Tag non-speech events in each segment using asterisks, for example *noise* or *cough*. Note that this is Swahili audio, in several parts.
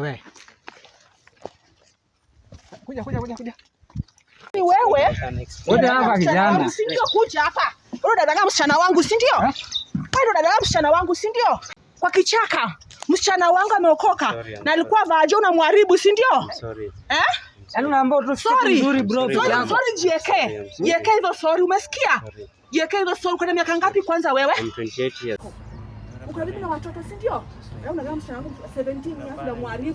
wewe. Kuja kuja kuja kuja. Ni wewe? Wote hapa kijana. Si kuja hapa? Wewe dada msichana wangu sindio ndio? Wewe dada msichana wangu sindio Kwa kichaka msichana wangu ameokoka na alikuwa vaje unamharibu si ndio? Eh? Yaani unaambia tu sorry nzuri bro. Sorry sorry JK. JK hizo sorry umesikia? JK hizo sorry kwa miaka ngapi kwanza wewe? 28 years ukaribu na watoto si ndio? Unaona msichana wangu 17 hapo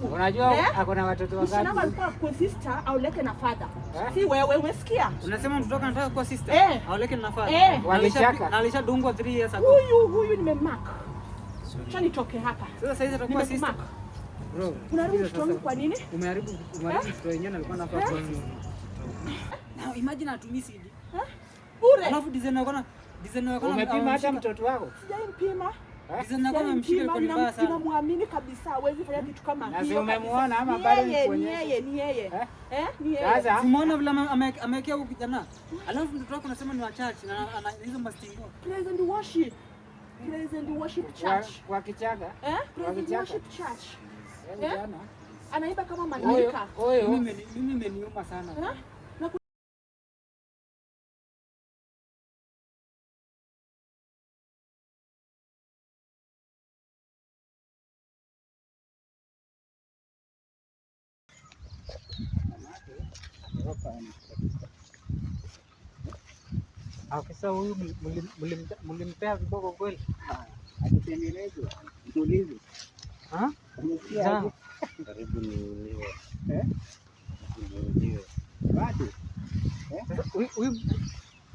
na Unajua eh? ako na watoto wangapi? Msichana wangu alikuwa kwa sister auleke na father. Eh? Si wewe umesikia? Unasema mtoto anataka kwa sister eh. auleke na father. Walishaka. alishadungwa 3 years ago. Huyu huyu nimemark. Acha nitoke hapa. Sasa sasa atakuwa sister. Bro, unaharibu mtoto wangu kwa nini? Umeharibu umeharibu mtoto wenyewe alikuwa anafaa kwa nini? Now imagine atumii CD. Bure. Alafu designer wako na designer wako na. Umepima hata mtoto wako? Sijampima. Eh? Namwamini yaani kabisa, hawezi fanya kitu kama yaani hiyo. Umeona vile amewekea huyu kijana, alafu mtoto wako anasema ni wachache na hizo mastingo wa Kichaga eh? yaani eh? anaiba kama malaika. Mimi imeniuma sana Afisa huyu mlimpea viboko kweli? Karibu niuliwe. Eh? eh? Huyu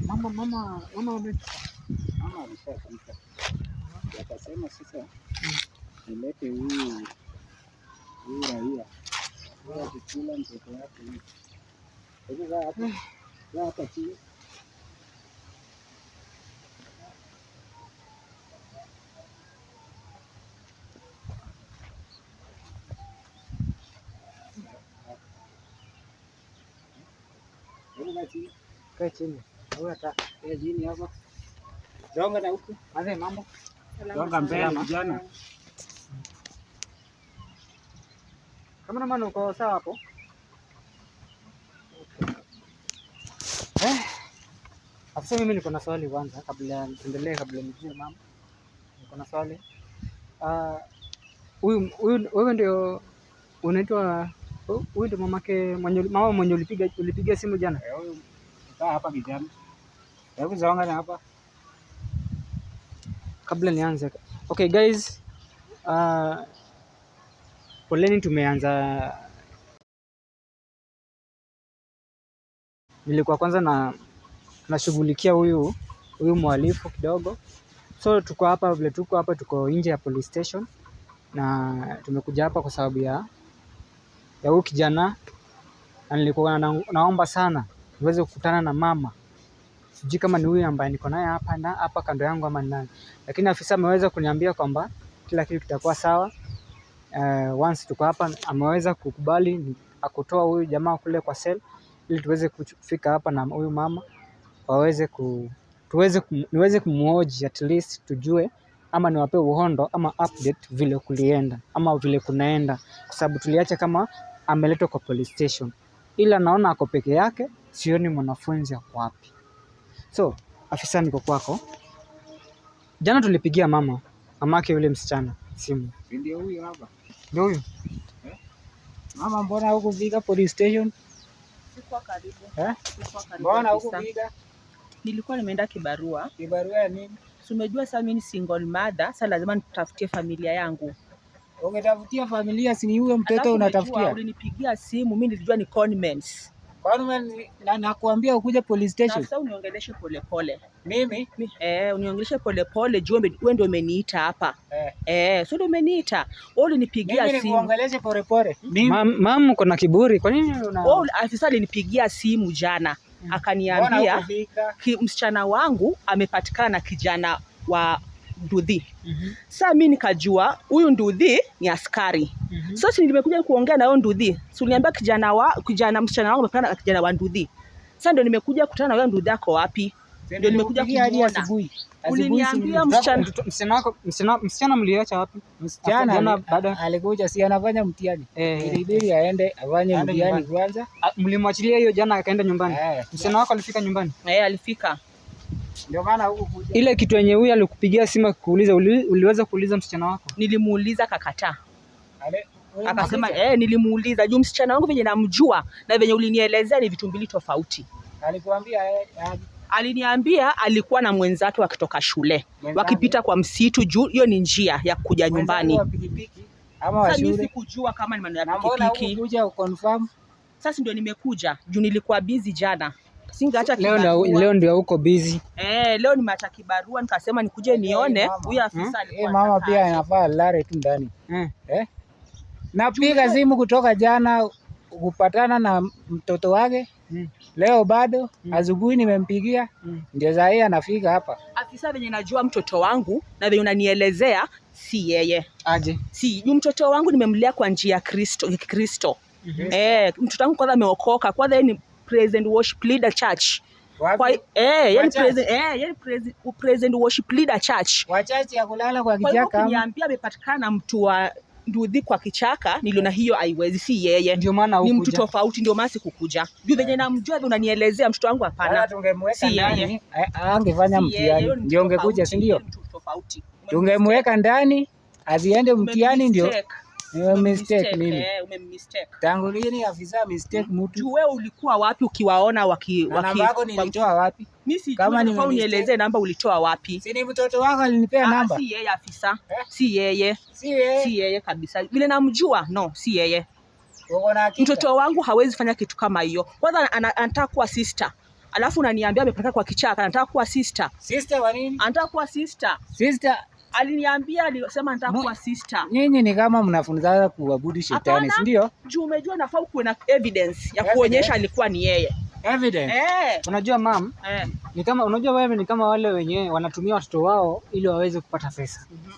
mama mama mama Mama Akasema sasa nilete huyu huyu raia. Kwa mtoto wake huyu. ra, ra tạp chí cây chín đúng là ta cây gì nhớ không rõ cái nào cũng anh gì mắm không rõ làm thế làm dân kamu nama nuko sapo Afisa, mimi niko na swali kwanza, kabla tuendelee, kabla nijue mama, niko na swali ah, huyu. Uh, wewe ndio unaitwa huyu, ndio mamake mwenye, mama mwenye ulipiga ulipiga simu jana? Eh, hapa kijana, hebu zaongana hapa kabla nianze. Okay guys, uh, poleni, tumeanza nilikuwa kwanza na anashughulikia huyu huyu mhalifu kidogo. So tuko hapa vile tuko hapa, tuko nje ya police station na tumekuja hapa kwa sababu ya ya huyu kijana, na nilikuwa na, naomba sana niweze kukutana na mama. Sijui kama ni huyu ambaye niko naye hapa na hapa kando yangu ama nani, lakini afisa ameweza kuniambia kwamba kila kitu kitakuwa sawa. Uh, once tuko hapa ameweza kukubali akutoa huyu jamaa kule kwa cell ili tuweze kufika hapa na huyu mama waweze ku tuweze niweze kumhoji at least tujue ama niwape uhondo ama update vile kulienda ama vile kunaenda, kwa sababu tuliacha kama ameletwa kwa police station, ila naona ako peke yake, sioni mwanafunzi ako wapi. So afisa, niko kwako. Jana tulipigia mama mamake yule msichana simu, ndio huyu hapa, ndio huyu eh? Mama, mbona hukufika police station? Sikuwa karibu eh? Sikuwa karibu, mbona hukufika Nilikuwa nimeenda kibarua. Kibarua ya nini? Si umejua sasa mimi single mother, sasa lazima nitafutie familia yangu. Ungetafutia familia, si ni huyo mtoto unatafutia? Ulinipigia simu, mimi nilijua ni conmens. Conmens na nakuambia ukuje police station. Sasa uniongeleshe polepole. Mimi? Eh, uniongeleshe polepole jua wewe ndio umeniita hapa. Eh. Eh, sio ndio umeniita. Wewe ulinipigia simu. Mimi niongeleshe polepole. Mama, mko kuna kiburi. Kwa nini una? Wewe afisa ah, alinipigia simu jana. Mm. akaniambia ki, msichana wangu amepatikana kijana wa ndudhi. mm -hmm. Saa mimi nikajua huyu nduthi ni askari. mm -hmm. Sasa nimekuja kuongea na wewe ndudhi, si uliniambia kijana wa kijana msichana wangu amepatikana kijana wa ndudhi. Sasa ndio nimekuja kutana na wewe nduthi, ako wapi? Ndio nimekuja hadi asubuhi. Uliniambia msichana msichana wako msichana mliacha wapi? Msichana baada alikuja si anafanya mtihani. Eh, eh, Ilibidi eh. aende afanye mtihani kwanza. Mlimwachilia hiyo jana akaenda nyumbani. Msichana wako alifika nyumbani? Eh, alifika. Ndio maana huko kuja. Ile kitu yenye huyu alikupigia simu kuuliza uliweza kuuliza msichana wako? Nilimuuliza akakataa. Akasema eh, nilimuuliza juu msichana wangu venye namjua na venye ulinielezea ni vitu mbili tofauti. Alikuambia eh Aliniambia alikuwa na mwenzake wakitoka shule Mwenzani. wakipita kwa msitu juu hiyo ni njia ya kuja nyumbani. Sikujua kama ni maneno ya pikipiki. Sasa ndio nimekuja juu nilikuwa busy jana. Singeacha leo, leo ndio uko busy. Eh, leo nimeacha kibarua nikasema nikuje eh, nione eh, huyu afisa hmm? alikuwa. Eh, mama pia anafaa lare tu ndani. Hmm. Eh? Napiga simu kutoka jana kupatana na mtoto wake. Hmm leo bado mm. Asubuhi nimempigia mm. Ndio saa hii anafika hapa. Afisa, venye najua mtoto wangu na venye unanielezea, si yeye aje, si mtoto wangu, nimemlea kwa njia ya Kristo Kristo. mm -hmm. Eh, mtoto wangu kwanza ameokoka, kwanza yeye ni present worship leader church kwa, eh, yani present, eh, yani present, present worship leader church. Wachache ya kulala kwa kijaka. Kwa hiyo kuniambia amepatikana mtu wa Ndudhi kwa kichaka niliona hiyo haiwezi, si yeye, ndio maana ni mtu tofauti, ndio maana sikukuja juu venye namjua vile unanielezea mtoto wangu. Hapana, si ndani eh, ah, angefanya mtihani, ndio ungekuja, si ndio? Tungemweka ndani aziende mtihani, ndio mistake mistake. mimi. Eh, ume Tangu lini afisa mistake mtu? Wewe ulikuwa wapi ukiwaona waki, waki, namba yako nilitoa wapi? Mimi si Kama ni unielezee namba ulitoa wapi? Si ni mtoto wako alinipea ah, ah, namba. Si yeye afisa, eh? si yeye, si yeye Si yeye kabisa, Bila namjua, no, si yeye. Mtoto wangu hawezi fanya kitu kama hiyo. Kwanza anataka kuwa sister alafu unaniambia amepeleka kwa kichaka, anataka kuwa sister. Sister wa nini? Anataka kuwa sister. Sister Aliniambia alisema nitakuwa sister. Nyinyi ni kama mnafunzana kuabudu shetani, si ndio? Juu umejua nafaa kuwe na evidence ya kuonyesha alikuwa ni yeye. Evidence. Eh. Unajua mam, eh. Ni kama unajua wewe ni kama wale wenyewe wanatumia watoto wao ili waweze kupata pesa. Mm -hmm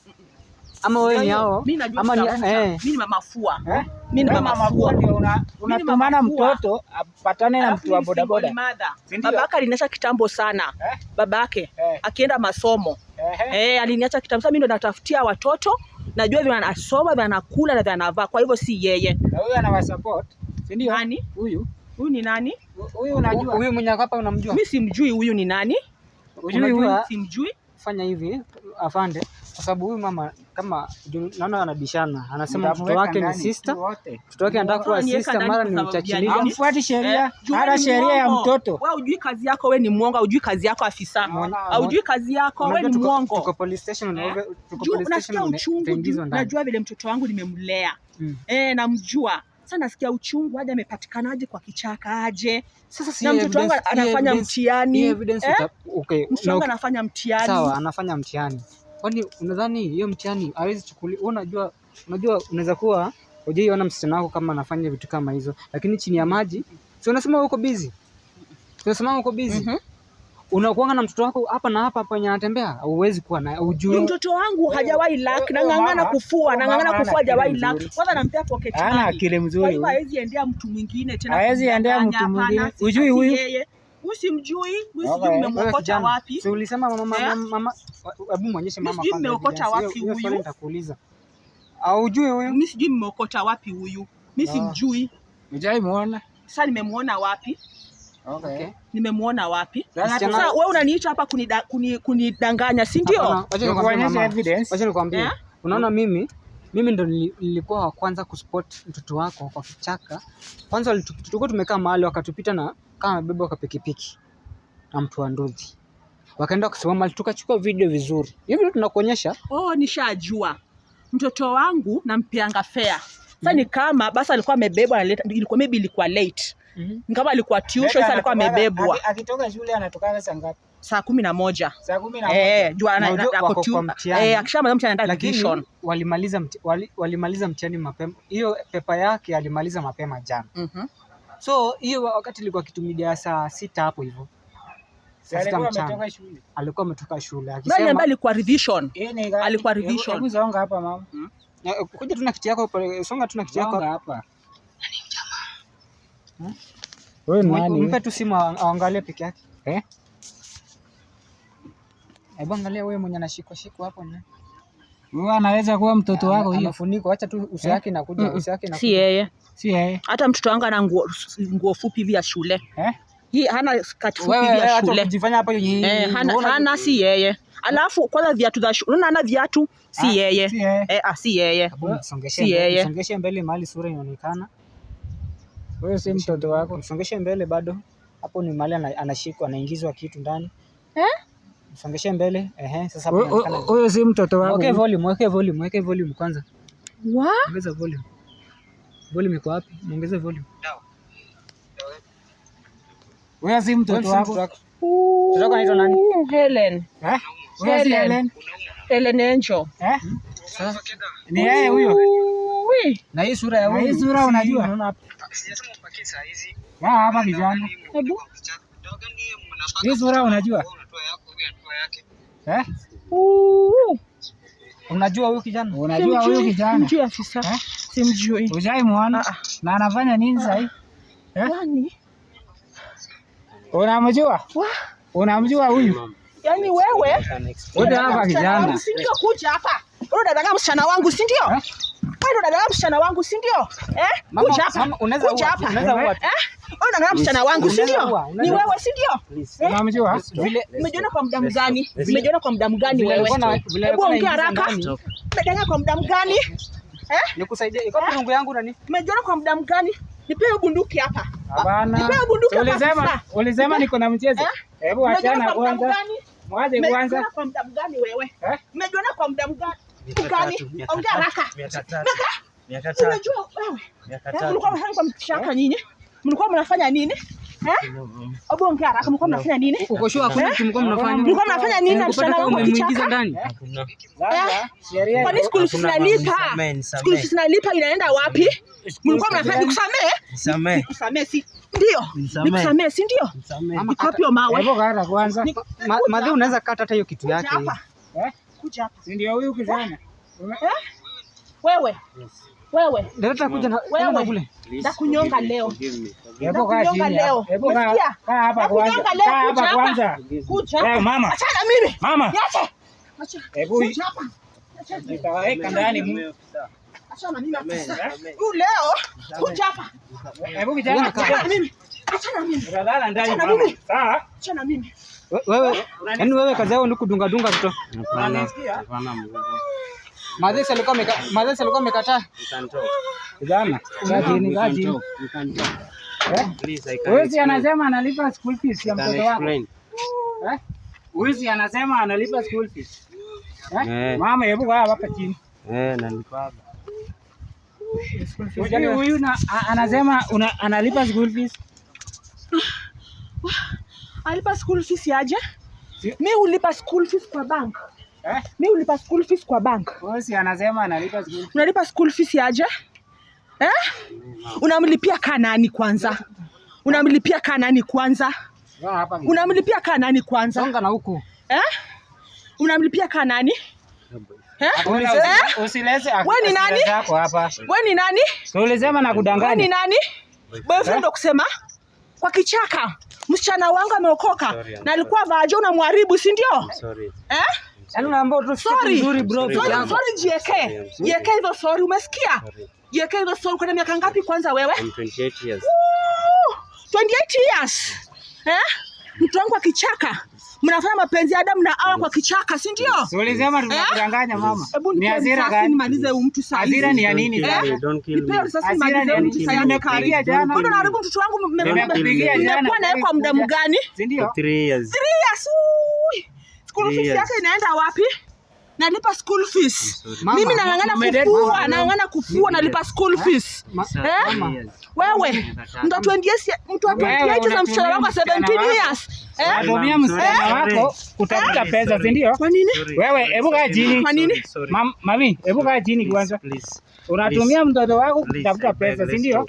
ama wewe ni yaani, hao? Ama ni eh, mimi ni mama fua eh? Mimi ni mama fua, ndio unatumana mtoto apatane na mtu wa bodaboda. Babake alinacha kitambo sana eh? Babake eh, akienda masomo eh, eh, eh aliniacha kitambo sana. Mimi ndo natafutia watoto, najua vile anasoma vile anakula na vile anavaa, kwa hivyo si yeye. Na huyu anawasupport, si ndio? Nani huyu? Huyu ni nani? Huyu unajua? Huyu mwenye hapa unamjua? Mimi simjui huyu ni nani. Unajua simjui. Fanya hivi afande, kwa sababu huyu mama kama naona anabishana, anasema mtoto wake ni sister, mtoto wake anataka kuwa sister, mara ni mchachilivu, amfuati sheria eh, hata sheria ya mtoto. Wewe hujui kazi yako, wewe ni mwongo, hujui kazi yako afisa, hujui kazi yako, wewe ni mwongo. Tuko police station, eh? tuko police station. Najua vile mtoto wangu nimemlea, hmm. eh, namjua sasa nasikia uchungu aje, amepatikanaje kwa kichaka aje? Sasa si mtoto wangu anafanya mtihani, eh? Okay, mtoto wangu anafanya mtihani, sawa, anafanya mtihani Kwani unadhani hiyo mtihani hawezi chukuli? unajua unajua unaweza kuwa hujaiona msichana wako kama anafanya vitu kama hizo, lakini chini ya maji si unasema uko busy, si unasema uko busy mm -hmm. Unakuanga na mtoto wako hapa na hapa hapa wenye anatembea, huwezi kuwa na ujue. Mtoto wangu oh, hajawahi oh, lack, oh, na ng'ang'ana kufua, na ng'ang'ana kufua, hajawahi lack. Kwanza nampea pocket money, ana akili mzuri, hawezi endea mtu mwingine tena, hawezi endea mtu mwingine, ujui huyu usimjui, usijui eh, mmemwokota wapi. Si ulisema mama mama, eh? hebu muonyeshe mama kwanza. Mmeokota wapi huyu? Nitakuuliza. Haujui huyu? Mimi sijui mmeokota wapi huyu. Mimi ah. simjui. Mjai muona? Sasa nimemuona wapi? Okay. Nimemuona wapi? Sasa wewe unaniita hapa kunidanganya kuni, kuni si ndio? Wacha nikwambie. Eh? Unaona mimi mimi ndo nilikuwa wa kwanza kuspot mtoto wako kwa kichaka. Kwanza tulikuwa tumekaa mahali wakatupita na kama amebebwa kwa pikipiki na mtu wa nduthi, wakaenda kusimama, tukachukua video vizuri hivi, tunakuonyesha. Oh, nishajua mtoto wangu nampianga fare sasa ni kama basi alikuwa amebebwa analeta, ilikuwa maybe ilikuwa late mm -hmm. kama alikuwa tuition, sasa alikuwa amebebwa akitoka shule anatoka saa ngapi? Saa kumi na moja. Saa kumi na eh, moja. Eh, jua ana anako tu eh, akishamaliza mtihani anaenda tuition. Walimaliza mtihani mapema, hiyo pepa yake alimaliza mapema jana. Mhm. So hiyo wakati ilikuwa kitu mida saa sita hapo hivyo yaani alikuwa ametoka shule akisema eh, alikuwa revision, eh, alikuwa revision. Hebu songa hapa mama, hmm? eh, kuja tuna kiti yako, hapa. songa tuna kiti yako hapa. Hmm? Wewe ni nani? Mpe tu simu aangalie peke yake eh, hebu angalia wewe mwenye anashikwa shikwa hapo na wewe anaweza kuwa mtoto wako hiyo. Amefunikwa, acha tu uso eh? yake kuja uso yake na. Si yeye. Si yeye. Hata mtoto wangu ana nguo nguo fupi vya shule. Eh? Hii hana kati fupi vya shule. Wewe Hajifanya hapo yeye. Eh, hana hana si yeye. Alafu kwanza viatu za shule. Unaona ana viatu si yeye. Eh, ah, si yeye. Si yeye. Eh, ah, Songeshe mbele mahali sura inaonekana. Wewe si mtoto wako. Songeshe mbele bado. Hapo ni mahali anashikwa, anaingizwa kitu ndani. Eh? Songeshe mbele. Ehe, sasa hapo. Huyo si mtoto wangu. Okay, volume, weke volume, weke volume kwanza. What? Ongeza volume. Volume iko wapi? Ongeza volume. Ndio. Wewe si mtoto wangu. Mtoto wako anaitwa nani? Helen. Eh? Wewe si Helen? Helen Encho. Eh? Hmm? Sasa ni yeye huyo. Wi. Na hii sura ya huyo. hii sura unajua. Unaona hapa. Sijasema mpaki saa hizi. Ah, hapa kijana. Hebu. Hii sura unajua. Eh? Uh, unajua huyu kijana? Unajua huyu kijana? Mjui afisa. Eh? Simjui. Hujai muona? Ah, ah. Na anafanya nini sasa hivi? Eh? Nani? Unamjua? Unamjua huyu? Yaani wewe? Wewe hapa kijana. Usingekuja hapa. Wewe unataka msichana wangu, si ndio? Eh? Wewe dada la msichana wangu si ndio? Eh? Kuja hapa. Unaweza Kuja hapa. Unaweza huwa. Eh? Wewe dada msichana wangu si ndio? Ni wewe si ndio? Unamjua? Eh? Vile umejiona kwa muda gani? Umejiona kwa muda gani wewe? Hebu ongea haraka. Umejiona kwa muda gani? Eh? Nikusaidie. Eh? Iko kwa rungu yangu nani? Umejiona kwa muda gani? Nipe bunduki hapa. Hapana. Nipe bunduki hapa. Ulisema, ulisema niko na mchezo. Eh? Hebu achana kwanza. Mwaje kwanza. Kwa muda gani wewe? Umejiona kwa muda gani? ongea haraka. Unajua wewe mshaka nyinyi, eh, mlikuwa mnafanya nini? ongea haraka, mlikuwa eh? mnafanya nini? mlikuwa mnafanya nini? Eh? na mshana wangu kichaka Kwa nini skuli sinalipa? Skuli sinalipa inaenda wapi? Mlikuwa mnafanya nikusamee? Nisamee. si ndio? Nikusamee si ndio? Iko wapi mawe? Madhi unaweza kata hata hiyo kitu yake kuja hapa. Si ndio huyu kijana? Eh? Wewe. Wewe. Ndio tutakuja na wewe. Nakunyonga leo. Hebu kaa chini. Hebu kaa hapa kwanza. Kaa hapa kwanza. Kuja. Eh, mama. Acha na mimi. Mama. Niache. Acha. Hebu. Nitaweka ndani. Acha na mimi. Huyu leo. Kuja hapa. Hebu kijana. Acha na mimi. Acha na mimi. Acha na mimi. Acha na mimi wewe yani wewe kazi yako ni kudunga dunga tu. Mazesi alikuwa Madhesi alikuwa amekataa. Kijana, ni gaji. Wizi eh? anasema analipa school fees ya mtoto wako. Eh? Wizi anasema analipa school fees. Eh? eh. Mama, hebu kaa hapa chini. Eh, nalipa hapa. Yaani huyu anasema analipa school fees alipa school fees aje? Mi ulipa school fees kwa bank eh? Mi ulipa school fees kwa bank. Bosi anasema analipa school fees. Unalipa school fees aje eh? Unamlipia kaa nani kwanza? Unamlipia kaa nani kwanza? Unamlipia kaa nani kwanza? Songa na huko. Eh? Unamlipia kaa nani? Eh? Eh? Wewe ni nani? Wewe ni nani? Wewe ni nani? Boyfriend ndo eh? kusema kwa kichaka msichana wangu ameokoka na alikuwa vaje, unamharibu si ndio? Eh? Yaani jieke jieke hizo sori, umesikia? Jieke hizo sori. Kwa miaka ngapi kwanza wewe? 28 years. 28 years. Eh? Mtu wangu akichaka mnafanya mapenzi ya Adamu na Hawa kwa kichaka, si ndio? Ulisema eh? tunakudanganya mama. Hebu ni hasira gani? Nimalize huyu mtu sasa. Hasira ni ya nini? Eh? Nipeo sasa nimalize huyu mtu sasa. Nimekupigia jana. Kwani unaharibu mtoto wangu, nimekupigia jana. Nimekuwa naye kwa muda mgani? Si ndio? 3 years. 3 years. School yake inaenda wapi? nalipa school fees. Mimi nang'ang'ana kufua, nang'ang'ana kufua, nalipa school fees. Eh? Wewe mtu wa 20 years, mtu wa 20 years na msichana wako 17 years. Eh? Ndio eh? msichana wako utakuta pesa, si ndio? Kwa nini? Wewe hebu kaa chini. Kwa nini? Mami, hebu kaa chini kwanza. Unatumia mtoto wako kutafuta pesa, si ndio?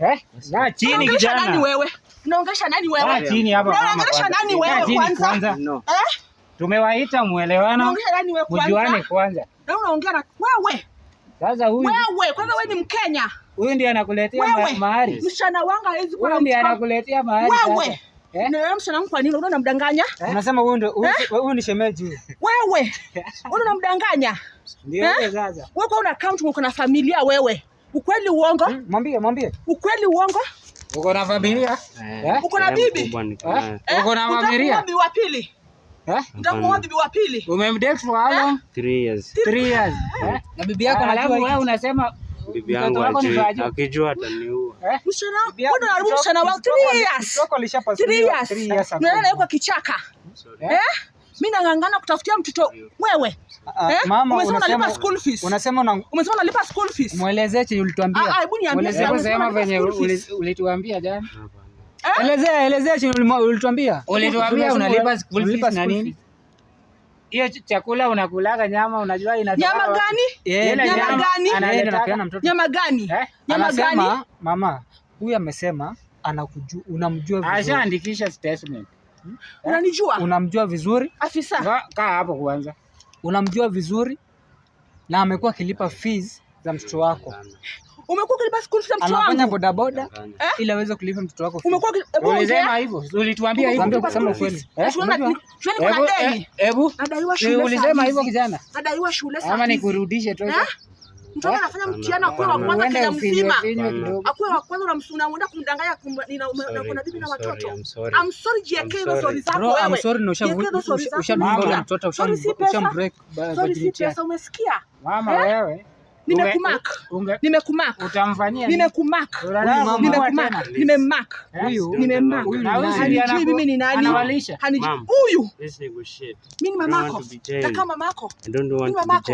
Eh? Na chini kijana. Unaongesha nani wewe? Unaongesha nani wewe? Unaongesha nani wewe kwanza? Eh? Tumewaita muelewana, yaani mjuane kwanza. Na unaongea na wewe. Sasa huyu wewe, kwanza wewe ni Mkenya. Huyu ndiye anakuletea mahari. Mshana wangu hawezi kuwa na ndiye anakuletea mahari. Wewe. Eh? Na wewe mshana wangu kwa nini unaona namdanganya? Eh? Unasema huyu ndio eh? huyu ni shemeji huyu. Wewe. *laughs* Unaona namdanganya? Ndio wewe eh? sasa. Wewe kwa una account uko na familia wewe. Ukweli uongo? Hmm, mwambie, mwambie. Ukweli uongo? Uko na familia? Eh? Uko na bibi? Uko na familia? Bibi Wa pili. Nitamwadhibu eh? wa pili. Umemdate for how long? 3 years. 3 years. Eh? Eh? Na bibi yako anajua wewe unasema bibi yangu akijua ataniua. Kwa kichaka mimi nang'ang'ana kutafutia mtoto wewe. Ah, ah, mama, umesema unalipa school fees. Unasema umesema unalipa school fees. Muelezee chenye ulituambia. Ah, hebu niambie. Muelezee venye ulituambia jana. Eh? Elezea, elezea chini ulituambia. Ulituambia unalipa school fees na nini? Hiyo chakula unakulaga nyama unajua ina Nyama gani? nyama, gani? Nyama gani? Eh? Nyama gani? Mama, huyu amesema anakujua, unamjua vizuri. Ashaandikisha statement. Hmm? Eh? Unanijua? Unamjua vizuri? Afisa. Kaa hapo kwanza. Unamjua vizuri na amekuwa akilipa fees za mtoto wako. Umekuwa ukilipa mtoto wangu. Anafanya boda boda eh? ili aweze kulipa mtoto wako. Umekuwa ulisema hivyo. Ulituambia hivyo ndio kusema ukweli. Eh, eh, hebu shule. ulisema hivyo kijana. Nadaiwa shule sasa. Ama nikurudishe tu. Mtoto anafanya mtihani akuwe wa kwanza kila mzima. Akuwe wa kwanza na msuna unamsunaenda kumdanganya kuna bibi na watoto. I'm sorry JK, hizo sorry zako wewe. I'm sorry no ushamdunga mtoto ushamdunga break. Sorry si pesa umesikia? Mama wewe nimekumak nimekumak nimekumak nimekumak nimemak eh? huyu nimemak hanijui mimi ni nani hanijui huyu mimi ni mamako na mamako mimi mamako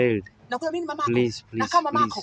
na mimi ni mamako na mamako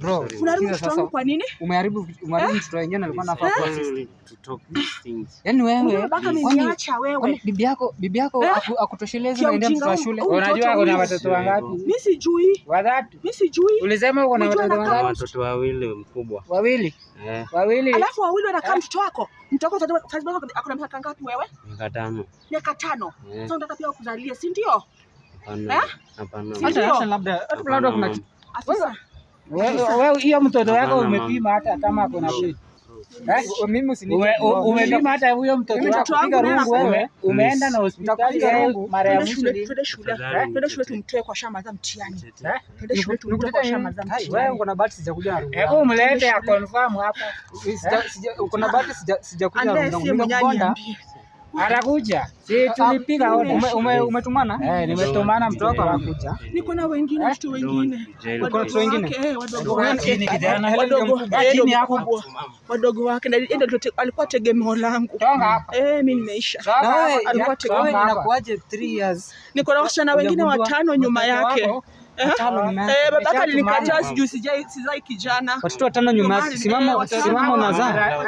Bro, kwa nini? Umeharibu mtoto wengine alikuwa anafaa kuwa to talk these things. Yaani wewe, niacha wewe. Bibi yako, bibi yako eh? akutosheleza na mtoto wa shule. Unajua uko na watoto wangapi? Mimi sijui. Watatu. Mimi sijui. Ulisema uko na watoto wangapi? Watoto wawili mkubwa. Wawili? Eh. Wawili. Alafu wawili wanakaa eh? mtoto wako. Mtoto wako akuna miaka ngapi wewe? Miaka tano. Miaka tano. Sasa unataka pia kuzalia, si ndio? Hapana. Hapana. Hata labda, labda kuna wewe hiyo mtoto wako umepima hata kama kuna shida. Eh, umepima hata huyo mtoto wako umeenda na hospitali mara ya mwisho. Twende shule tumtoe kwa shamba za eh? Wewe uko na bahati na rungu. Hebu mlete ya confirm hapa. Uko na bahati sijakuja na rungu. Anakuja. Si tulipiga oda. Umetumana? Eh, nimetumana mtu wako anakuja. Niko na wengine, eh? watu wengine. Niko na watu wengine. Eh, wadogo wake ndio ndio alikuwa tegemeo langu. Eh, mimi nimeisha. Alikuwa tegemeo. langu. Niko na wasichana wengine watano nyuma yake babaka nilikataa, sizai kijana, watoto watano nyuma. Simama, simama, unazaa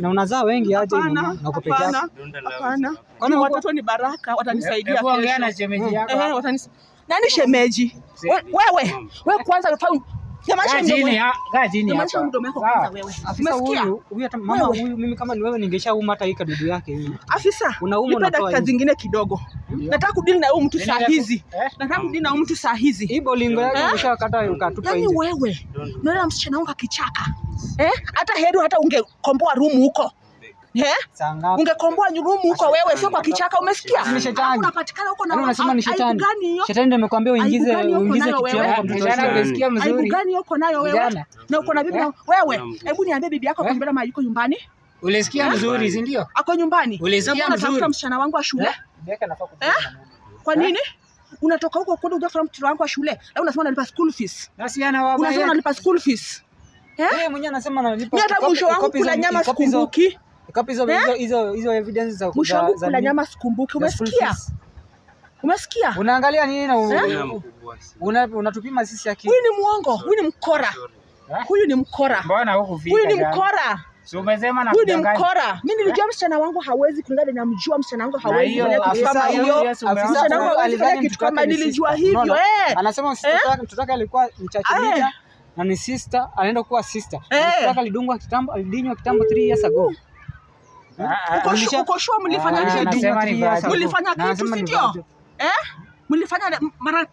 na unazaa wengi aje? Na uko peke yako? Hapana, watoto ni baraka, watanisaidia kesho. Ongea na shemeji yako. Eh, Nani shemeji? Wewe wewe, kwanza mama mimi kama ni wewe ningeshauma hata hii kadudu yake hii. Afisa, nipe dakika zingine kidogo. Nataka kudili na huyu mtu saa hizi. Eh? Nataka kudili na huyu mtu saa hizi. Hii bolingo yake eh? umeshakata ukatupa yaani nje. Yaani wewe, unaona msichana wangu akichaka. Eh? Hata heri hata ungekomboa rumu huko. Eh? Ungekomboa nyurumu huko wewe, sio kwa kichaka. Umesikia? Unapatikana huko na yaani unasema ni shetani. Shetani ndio amekwambia uingize uingize kitu yako kwa mtoto wako. Unasikia mzuri? Aibu gani uko nayo wewe? Na uko na bibi eh? wewe? Hebu niambie bibi yako eh? kwa mbele yuko nyumbani? Ulisikia mzuri, si ndio? Ako nyumbani. Ulisikia mzuri. Unatafuta msichana wangu wa shule? Kwa nini? Unatoka huko kwenda utafuta mtoto wangu wa shule. Na unasema unalipa school fees. Na si ana wabaya. Unasema unalipa school fees. Eh? Yeye mwenyewe anasema analipa. Hata mwisho wangu kula nyama sikumbuki. Eh? hizo hizo evidence za kula nyama sikumbuki. Umesikia? Umesikia? Unaangalia nini na eh? unatupima sisi akili? Huyu ni mwongo, huyu ni mkora. Eh? Huyu ni mkora. Mbona huko vita? Huyu ni mkora. So umesema na kudanganya. Huyu ni mkora. Mimi nilijua msichana wangu hawezi kulingana na mjua msichana wangu hawezi. kufanya kitu kama hiyo, Msichana wangu alifanya kitu kama nilijua hivyo. Eh. Anasema mtoto alikuwa mchache na ni sister, anaenda kuwa sister. Mtoto alidungwa kitambo, alidinywa kitambo 3 years ago. Mm. Eh? Eh, eh, uko sure mlifanya ah, kitu si ndio? Eh? Mlifanya mara 3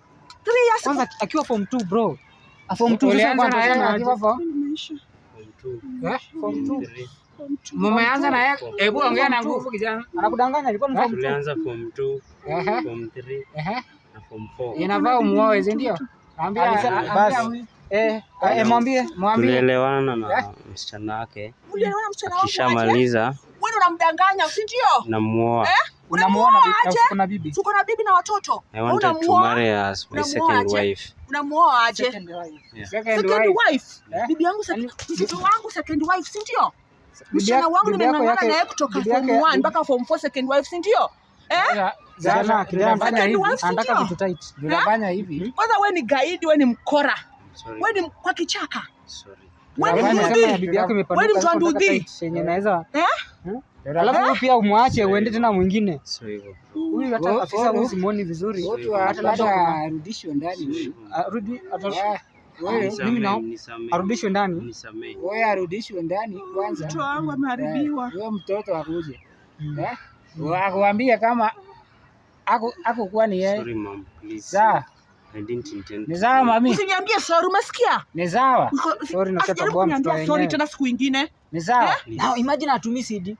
years. Kwanza akiwa form 2 bro. Ah, form 2 Mumeanza na yeye, hebu ongea na nguvu kijana. Anakudanganya alikuwa ni Tulianza form 2, form 3, na form 4. Inafaa umuoe, si ndio? Ambia basi. Eh, mwambie, mwambie. Tulielewana na msichana wake. Kishamaliza wewe unamdanganya, si ndio? Namuoa. Eh? Unamuoa bibi, uko na bibi. Uko na bibi na watoto. Unamuoa. Unamuoa aje? Second wife. Second wife. Eh? Bibi yangu yaani, mtoto wangu second wife, si ndio? Msichana wangu nimeng'ang'ana naye kutoka form 1 mpaka form 4 second wife, si ndio? Eh? Jana anafanya hivi, anataka vitu tight. Unafanya eh? hivi. Kwanza wewe ni gaidi, wewe ni mkora. Wewe ni kwa kichaka. Sorry. Alafu eh? pia umwache uende tena mwingine. Sio oh, oh, oh. simuoni vizuri. arudishwe ndani. Ah, eh, ah, Arudi wewe arudishwe ndani. kwanza. Mtoto wangu eh, ameharibiwa. Wewe mtoto akuje. Hmm. Eh? Wakuambia kama ako ni yeye. Sorry mom, please. Sawa. I Ni sawa mami. Usiniambie sorry, umesikia? Ni sawa. Sorry na kata bwana mtu wenyewe. Sorry tena siku nyingine. Ni sawa. Eh? Now imagine atumii CD. Eh?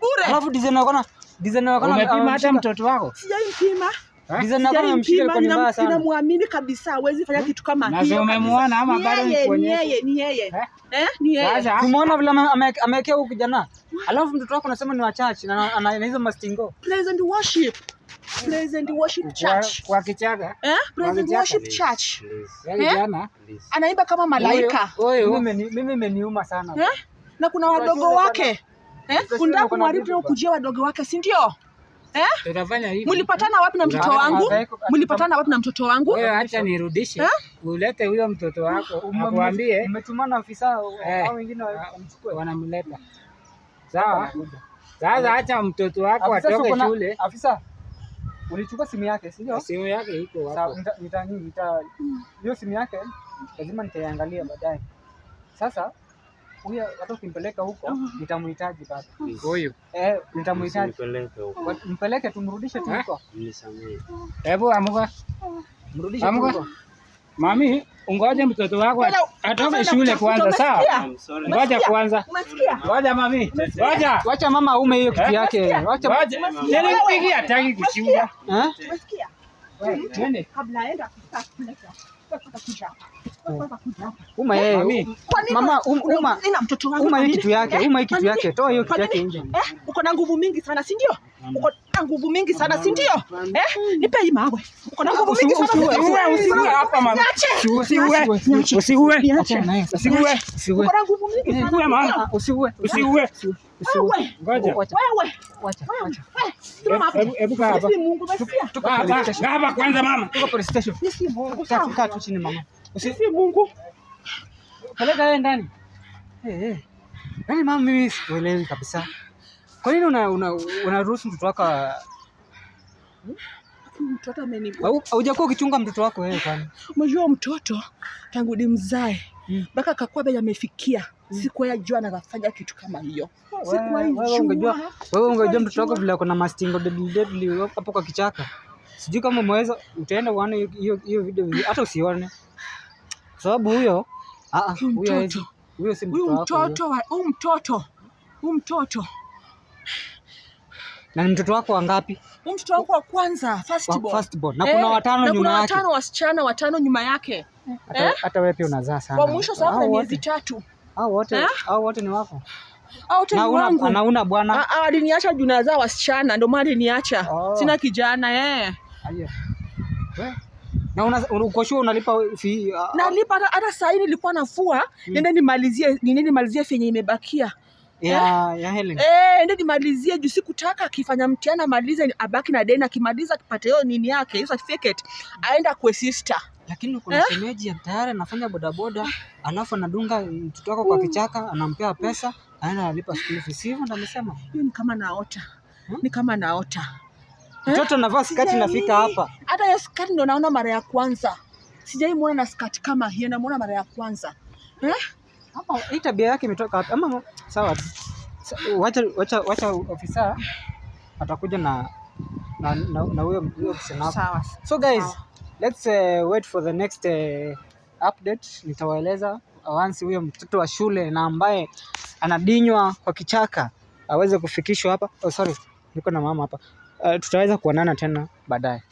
Bure. Alafu design yako na design yako na umepima hata mtoto wako? Sijaimpima. Eh? Design yako na mshike kwa mbaya sana. Ninamwamini kabisa, hawezi fanya eh? kitu kama hiyo. Na umemuona ama bado ni kwenye? Ni yeye, ni yeye. Eh? Ni yeye. Sasa Umeona vile amewekea huko kijana? Alafu mtoto wako anasema ni wachache na ana hizo mastingo. Praise and worship. Present Worship Church. Kwa Kichaga. Eh? Present Worship Church. Yaani eh? jana anaimba kama malaika. Mimi imeniuma sana. Eh? Na kuna wadogo wake. Eh? Unataka kumharibu kujia wadogo wake, si ndio? Eh? Mlipatana wapi na mtoto wangu? Mlipatana wapi na mtoto wangu? Wewe acha nirudishe. Eh? Ulete huyo mtoto wako, mwambie. Umetumana afisa au eh. wengine wamchukue. Wanamleta. Sawa. Sasa acha mtoto wako atoke shule. Afisa. Ulichukua simu yake sio? Ah, simu yake iko hapo. wapi? Nita nita hiyo simu yake lazima nitaiangalia baadaye. Sasa huyo hata ukimpeleka huko nitamhitaji baba. Huyu. Eh, nitamhitaji. Mpeleke tumrudishe tu eh? huko. Nisamehe. Hebu amuka. Mrudishe tu huko. Mami, ungoje mtoto wako atoke shule kwanza, sawa? Ngoja kwanza. Ngoja mami. Ngoja. Wacha mama aume hiyo kitu eh? yake. Wacha. Nilimpigia hataki kushinda. Eh? Umesikia? Nene. Hmm? Kabla aenda kusakuleta. Uma yeye. Eh, eh, mama um- uma nina mtoto wangu. Uma hiyo kitu yake. Uma hiyo kitu yake. Toa hiyo kitu yake nje. Eh, Uko na nguvu mingi sana, si ndio? Uko unataka nguvu mingi sana, si ndio? Eh, nipe hii mawe. Uko na nguvu mingi sana. Usiue hapa mama. Usiue. Usiue. Usiue. Usiue. Uko na nguvu mingi sana mama. Usiue. Usiue. Mungu. Peleka yeye ndani. Eh, eh. Yaani, mama mimi sikuelewi kabisa. Kwa nini unaruhusu mtoto wako? Mtoto amenipa. Haujakuwa ukichunga mtoto wako wewe kwani? Unajua mtoto tangu nimzae hmm. mpaka akakuwa bei amefikia. ya hmm. jua anafanya kitu kama hiyo. Siku ya jua. Wewe ungejua mtoto wako vile kuna mastingo deadly hapo kwa kichaka. Sijui kama umeweza utaenda uone hiyo hiyo video hata usione. Kwa sababu huyo ah, ah, huyo si mtoto. Huyo mtoto, huyo mtoto. Huyo mtoto na ni mtoto wako wangapi? Huyu mtoto wako wa kwanza, first born. First born. Na kuna eh, watano nyuma yake. Na kuna watano wasichana watano nyuma yake. Hata eh? wewe pia unazaa sana. Kwa mwisho sasa ni miezi tatu. Hao wote, eh? hao wote ni wako. wote ni wangu. Na una bwana ah, ah, aliniacha juu nazaa wasichana, ndio maana aliniacha. Oh. Sina kijana eh. Na una uko shule unalipa fee? Ah, ah? Nalipa hata sasa hivi nilikuwa nafua, hmm. nenda nimalizie, nenda nimalizie fee yenye imebakia. Eh? ya, eh, nimalizie juu sikutaka akifanya mtihani amalize abaki na deni, akimaliza akipata hiyo nini yake, hiyo certificate aenda kwa sister. Lakini kuna eh, shemeji tayari anafanya bodaboda, alafu anadunga mtoto wako kwa mm. kichaka, anampea pesa, aenda analipa school fees, hivyo ndio amesema. Hiyo ni kama naota. Hmm? Ni kama naota. Eh? Mtoto anavaa skati nafika hapa. Hata hiyo skati ndio naona mara ya kwanza. Sijai muona na skati kama hiyo, namuona mara ya kwanza. Eh? Ama hii tabia yake imetoka wapi? Ama sawa, wacha wacha wacha ofisa atakuja na na na huyo huyo ofisa. Sawa. So guys, sawa. Let's uh, wait for the next uh, update. Nitawaeleza uh, once huyo mtoto wa shule na ambaye anadinywa kwa kichaka aweze kufikishwa hapa. Oh, sorry, niko na mama hapa. Uh, tutaweza kuonana tena baadaye.